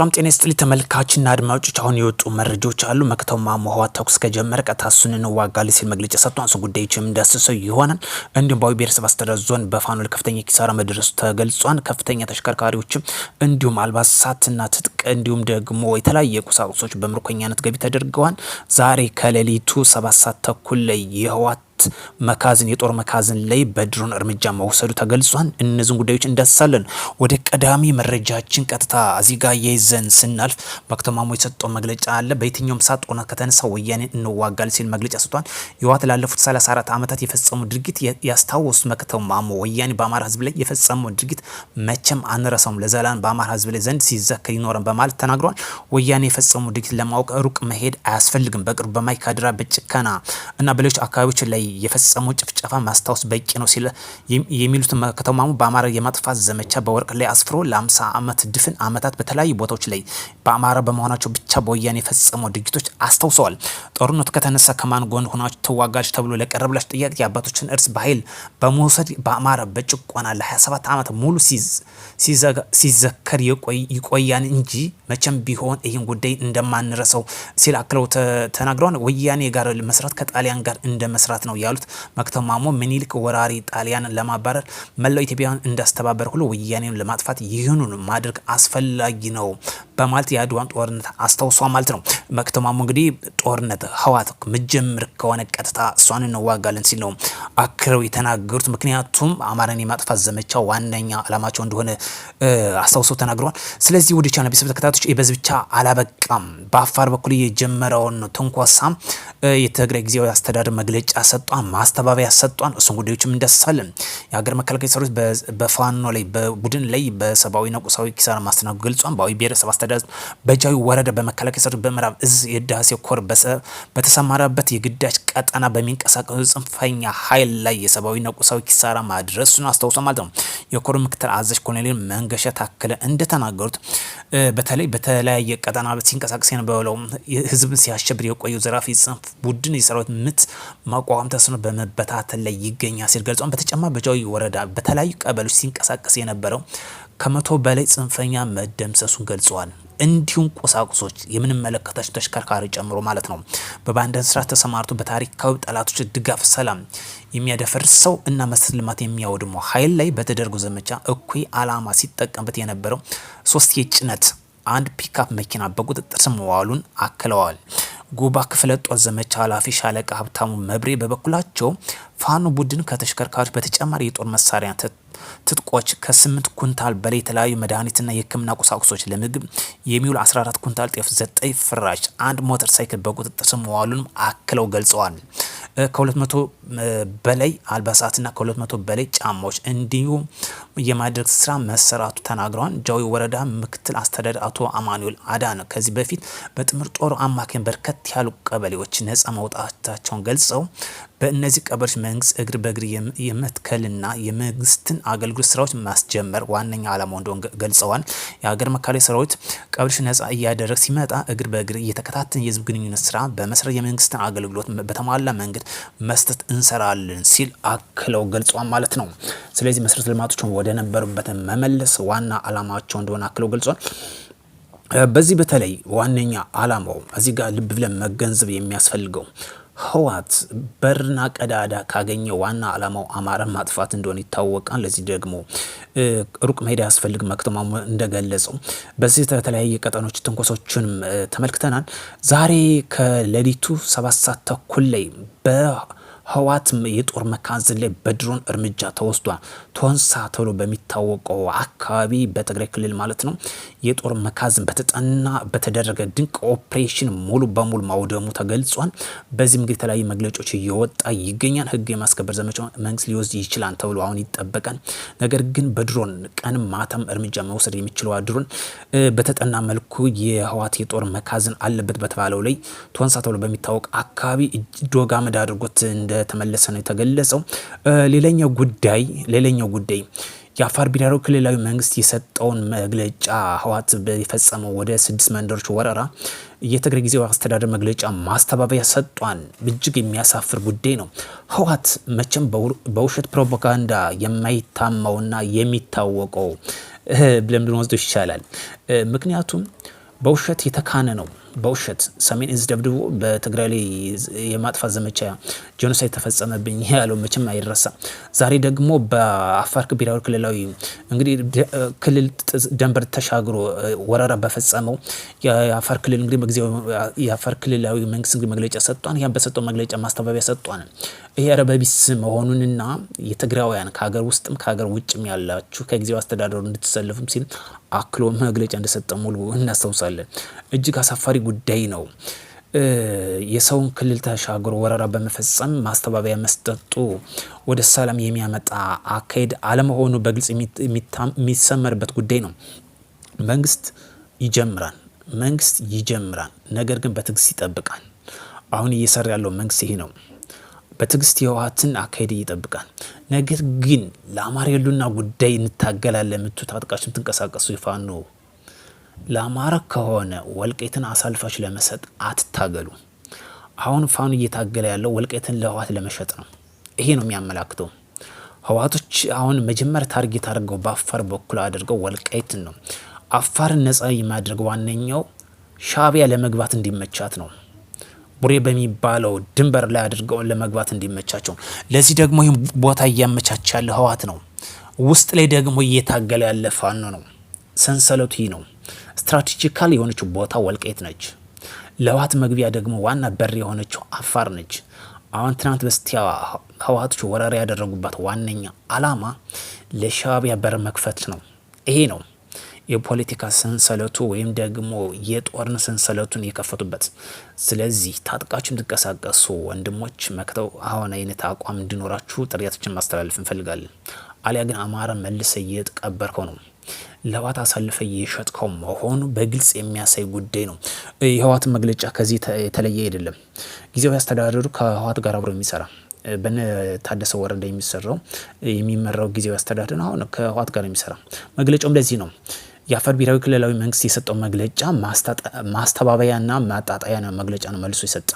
ሰላም ጤና ስጥል ተመልካችና አድማጮች፣ አሁን የወጡ መረጃዎች አሉ። መክተው ማሞ ህወሓት ተኩስ ከጀመረ ቀጥታ እሱን እንዋጋለን ሲል መግለጫ ሰጥቷል። እሱ ጉዳዮች የምንዳስሰው ይሆናል። እንዲሁም በአዊ ብሔረሰብ አስተዳደር ዞን በፋኖል ከፍተኛ ኪሳራ መድረሱ ተገልጿል። ከፍተኛ ተሽከርካሪዎችም እንዲሁም አልባሳትና ትጥቅ እንዲሁም ደግሞ የተለያየ ቁሳቁሶች በምርኮኛነት ገቢ ተደርገዋል። ዛሬ ከሌሊቱ ሰባት ሰዓት ተኩል ላይ የህወሓት ሁለት መካዝን የጦር መካዝን ላይ በድሮን እርምጃ መውሰዱ ተገልጿል። እነዚህን ጉዳዮች እንዳስሳለን። ወደ ቀዳሚ መረጃችን ቀጥታ እዚህ ጋር የይዘን ስናልፍ በክተማሞ የሰጠው መግለጫ አለ። በየትኛውም ሰዓት ጦርነት ከተነሳ ወያኔ እንዋጋል ሲል መግለጫ ሰጥቷል። ህወሓት ላለፉት 34 ዓመታት የፈጸሙ ድርጊት ያስታወሱት መክተው ወያኔ በአማራ ህዝብ ላይ የፈጸመው ድርጊት መቼም አንረሳውም፣ ለዘላን በአማራ ህዝብ ላይ ዘንድ ሲዘከር ይኖረን በማለት ተናግሯል። ወያኔ የፈጸሙ ድርጊት ለማወቅ ሩቅ መሄድ አያስፈልግም። በቅርቡ በማይካድራ በጭከና እና በሌሎች አካባቢዎች ላይ የፈጸመው ጭፍጨፋ ማስታወስ በቂ ነው ሲል የሚሉት ከተማሙ በአማራ የማጥፋት ዘመቻ በወርቅ ላይ አስፍሮ ለ50 ዓመት ድፍን ዓመታት በተለያዩ ቦታዎች ላይ በአማራ በመሆናቸው ብቻ በወያኔ የፈጸመው ድርጊቶች አስታውሰዋል። ጦርነቱ ከተነሳ ከማን ጎን ሆናችሁ ተዋጋች ተብሎ ለቀረብላችሁ ጥያቄ የአባቶችን እርስ በኃይል በመውሰድ በአማራ በጭቆና ለ27 ዓመት ሙሉ ሲዘከር ይቆያን እንጂ መቼም ቢሆን ይህን ጉዳይ እንደማንረሰው ሲል አክለው ተናግረዋል። ወያኔ ጋር መስራት ከጣሊያን ጋር እንደ መስራት ነው ያሉት መክተው ማሞ ምኒልክ ወራሪ ጣሊያን ለማባረር መላው ኢትዮጵያውያን እንዳስተባበር ሁሉ ወያኔን ለማጥፋት ይህኑን ማድረግ አስፈላጊ ነው በማለት የአድዋን ጦርነት አስታውሷ ማለት ነው። መክተማሙ እንግዲህ ጦርነት ህዋት ምጀምር ከሆነ ቀጥታ እሷን እንዋጋለን ሲል ነው አክረው የተናገሩት። ምክንያቱም አማራን የማጥፋት ዘመቻ ዋነኛ አላማቸው እንደሆነ አስታውሰው ተናግረዋል። ስለዚህ ወደ ቻና ቤተሰብ ተከታቶች በዚህ ብቻ አላበቃም። በአፋር በኩል የጀመረውን ትንኮሳም የትግራይ ጊዜያዊ አስተዳደር መግለጫ ሰጧን፣ ማስተባበያ ሰጧን። እሱን ጉዳዮችም እንደሳለን። የሀገር መከላከያ ሰሮች በፋኖ ላይ በቡድን ላይ በሰብአዊና ቁሳዊ ኪሳራ ማስተናገዱ ገልጿን በአዊ ብሔረሰብ አስተዳደር በጃዊ ወረዳ በመከላከያ ሰሮች በምዕራብ እዝ የህዳሴ ኮር በተሰማራበት የግዳጅ ቀጠና በሚንቀሳቀሱ ጽንፈኛ ኃይል ላይ የሰብአዊና ቁሳዊ ኪሳራ ማድረሱን አስታውሶ ማለት ነው። የኮር ምክትል አዛዥ ኮሎኔል መንገሻ ታክለ እንደተናገሩት በተለይ በተለያየ ቀጠና ሲንቀሳቀስ የነበረው ህዝብን ሲያሸብር የቆየው ዘራፊ ጽንፍ ቡድን የሰራዊት ምት ማቋቋም ተስኖ በመበታተል ላይ ይገኛል ሲል ገልጿል። በተጨማሪ በጃዊ ወረዳ በተለያዩ ቀበሎች ሲንቀሳቀስ የነበረው ከመቶ በላይ ጽንፈኛ መደምሰሱን ገልጸዋል። እንዲሁም ቁሳቁሶች የምንመለከታቸው ተሽከርካሪ ጨምሮ ማለት ነው። በባንዳን ስራ ተሰማርቶ በታሪካዊ ጠላቶች ድጋፍ ሰላም የሚያደፈርሰው እና መሰረተ ልማት የሚያወድሞ ኃይል ላይ በተደረገ ዘመቻ እኩይ ዓላማ ሲጠቀምበት የነበረው ሶስት የጭነት አንድ ፒካፕ መኪና በቁጥጥር ስር መዋሉን አክለዋል። ጉባ ክፍለ ጦር ዘመቻ ኃላፊ ሻለቃ ሀብታሙ መብሬ በበኩላቸው ፋኖ ቡድን ከተሽከርካሪዎች በተጨማሪ የጦር መሳሪያ ትጥቆች ከስምንት ኩንታል በላይ የተለያዩ መድኃኒትና የህክምና ቁሳቁሶች፣ ለምግብ የሚውል 14 ኩንታል ጤፍ፣ ዘጠኝ ፍራሽ፣ አንድ ሞተር ሳይክል በቁጥጥር ስር መዋሉንም አክለው ገልጸዋል። ከ200 በላይ አልባሳትና ከ200 በላይ ጫማዎች እንዲሁም የማድረግ ስራ መሰራቱ ተናግረዋል። ጃዊ ወረዳ ምክትል አስተዳደር አቶ አማኑኤል ነው። ከዚህ በፊት በጥምር ጦሩ አማካኝ በርከት ያሉ ቀበሌዎች ነጻ መውጣታቸውን ገልጸው በእነዚህ ቀበሌዎች መንግስት እግር በእግር የመትከልና የመንግስትን አገልግሎት የጉግል ስራዎች ማስጀመር ዋነኛ ዓላማው እንደሆን ገልጸዋል። የሀገር መከላከያ ሰራዊት ቀብልሽ ነጻ እያደረገ ሲመጣ እግር በእግር እየተከታተን የህዝብ ግንኙነት ስራ በመስራት የመንግስትን አገልግሎት በተሟላ መንገድ መስጠት እንሰራለን ሲል አክለው ገልጿል ማለት ነው። ስለዚህ መሰረተ ልማቶችን ወደ ነበሩበት መመለስ ዋና ዓላማቸው እንደሆነ አክለው ገልጿል። በዚህ በተለይ ዋነኛ ዓላማው እዚህ ጋር ልብ ብለን መገንዘብ የሚያስፈልገው ህወሓት በርና ቀዳዳ ካገኘ ዋና ዓላማው አማራን ማጥፋት እንደሆነ ይታወቃል። ለዚህ ደግሞ ሩቅ መሄድ ያስፈልግ መክተማ እንደገለጸው በዚህ በተለያየ ቀጠኖች ትንኮሶችንም ተመልክተናል። ዛሬ ከሌሊቱ ሰባት ሰዓት ተኩል ላይ በ ህወሓትም የጦር መካዝን ላይ በድሮን እርምጃ ተወስዷል። ቶንሳ ተብሎ በሚታወቀው አካባቢ በትግራይ ክልል ማለት ነው። የጦር መካዝን በተጠና በተደረገ ድንቅ ኦፕሬሽን ሙሉ በሙሉ ማውደሙ ተገልጿል። በዚህም እንግዲህ የተለያዩ መግለጫዎች እየወጣ ይገኛል። ህግ የማስከበር ዘመቻ መንግስት ሊወስድ ይችላል ተብሎ አሁን ይጠበቃል። ነገር ግን በድሮን ቀንም ማታም እርምጃ መውሰድ የሚችለው ድሮን በተጠና መልኩ የህወሓት የጦር መካዝን አለበት በተባለው ላይ ቶንሳ ተብሎ በሚታወቅ አካባቢ ዶጋመድ አድርጎት እንደ እንደተመለሰ ነው የተገለጸው። ሌላኛው ጉዳይ ሌላኛው ጉዳይ የአፋር ብሔራዊ ክልላዊ መንግስት የሰጠውን መግለጫ ህወሓት የፈጸመው ወደ ስድስት መንደሮች ወረራ የትግራይ ጊዜያዊ አስተዳደር መግለጫ ማስተባበያ ሰጧን እጅግ የሚያሳፍር ጉዳይ ነው። ህወሓት መቼም በውሸት ፕሮፓጋንዳ የማይታማውና የሚታወቀው ብለን ብንወስዶ ይቻላል። ምክንያቱም በውሸት የተካነ ነው። በውሸት ሰሜን እዝ ደብድቦ በትግራይ ላይ የማጥፋት ዘመቻ ጄኖሳይድ ተፈጸመብኝ ያለው መቼም አይረሳም። ዛሬ ደግሞ በአፋር ብሔራዊ ክልላዊ እንግዲህ ክልል ደንበር ተሻግሮ ወረራ በፈጸመው የአፋር ክልል እንግዲህ በጊዜው የአፋር ክልላዊ መንግስት እንግዲህ መግለጫ ሰጥቷን፣ ያን በሰጠው መግለጫ ማስተባበያ ሰጥቷን ይሄ ረበቢስ መሆኑንና የትግራውያን ከሀገር ውስጥም ከሀገር ውጭም ያላችሁ ከጊዜው አስተዳደሩ እንድትሰልፉም ሲል አክሎ መግለጫ እንደሰጠ ሙሉ እናስታውሳለን። እጅግ አሳፋሪ ጉዳይ ነው። የሰውን ክልል ተሻግሮ ወረራ በመፈጸም ማስተባበያ መስጠቱ ወደ ሰላም የሚያመጣ አካሄድ አለመሆኑ በግልጽ የሚሰመርበት ጉዳይ ነው። መንግስት ይጀምራል መንግስት ይጀምራል፣ ነገር ግን በትዕግስት ይጠብቃል። አሁን እየሰራ ያለው መንግስት ይሄ ነው። በትዕግስት የህወሓትን አካሄድ ይጠብቃል። ነገር ግን ለአማራ የሉና ጉዳይ እንታገላለን የምቱ ታጥቃችሁ የምትንቀሳቀሱ ይፋኖ ለአማራ ከሆነ ወልቃይትን አሳልፋችሁ ለመሰጥ አትታገሉ። አሁን ፋኖ እየታገለ ያለው ወልቃይትን ለህወሓት ለመሸጥ ነው። ይሄ ነው የሚያመላክተው። ህወሓቶች አሁን መጀመሪያ ታርጌት አድርገው በአፋር በኩል አድርገው ወልቃይትን ነው። አፋርን ነጻ የማድረግ ዋነኛው ሻቢያ ለመግባት እንዲመቻት ነው። ቡሬ በሚባለው ድንበር ላይ አድርገው ለመግባት እንዲመቻቸው። ለዚህ ደግሞ ይህም ቦታ እያመቻቸ ያለ ህወሓት ነው። ውስጥ ላይ ደግሞ እየታገለ ያለ ፋኖ ነው። ሰንሰለቱ ይህ ነው። ስትራቴጂካል የሆነችው ቦታ ወልቃይት ነች። ለህወሓት መግቢያ ደግሞ ዋና በር የሆነችው አፋር ነች። አሁን ትናንት በስቲያ ህወሓቶች ወረራ ያደረጉባት ዋነኛ አላማ ለሻቢያ በር መክፈት ነው። ይሄ ነው። የፖለቲካ ሰንሰለቱ ወይም ደግሞ የጦርን ሰንሰለቱን የከፈቱበት። ስለዚህ ታጥቃችሁ እንድትንቀሳቀሱ ወንድሞች መክተው አሁን አይነት አቋም እንዲኖራችሁ ጥሪያቶችን ማስተላለፍ እንፈልጋለን። አሊያ ግን አማራ መልሰ እየተቀበርከው ነው ለህወሓት አሳልፈ እየሸጥከው መሆኑ በግልጽ የሚያሳይ ጉዳይ ነው። የህወሓት መግለጫ ከዚህ የተለየ አይደለም። ጊዜያዊ አስተዳደሩ ከህወሓት ጋር አብሮ የሚሰራ በነ ታደሰ ወረደ የሚሰራው የሚመራው ጊዜያዊ አስተዳደር አሁን ከህወሓት ጋር የሚሰራ መግለጫውም ለዚህ ነው። የአፋር ብሔራዊ ክልላዊ መንግስት የሰጠው መግለጫ ማስተባበያና ማጣጣያ ነው መግለጫ ነው መልሶ የሰጠ።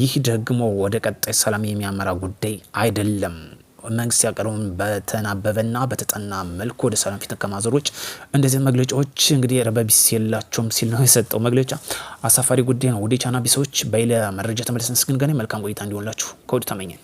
ይህ ደግሞ ወደ ቀጣይ ሰላም የሚያመራ ጉዳይ አይደለም። መንግስት ያቀረቡን በተናበበና በተጠና መልኩ ወደ ሰላም ፊት ከማዞሮች እንደዚህ መግለጫዎች እንግዲህ ረበቢስ የላቸውም ሲል ነው የሰጠው መግለጫ። አሳፋሪ ጉዳይ ነው። ወደ ቻና ቢሰዎች በሌላ መረጃ ተመለስን። እስክንገናኝ መልካም ቆይታ እንዲሆንላችሁ ከወዲሁ ተመኘን።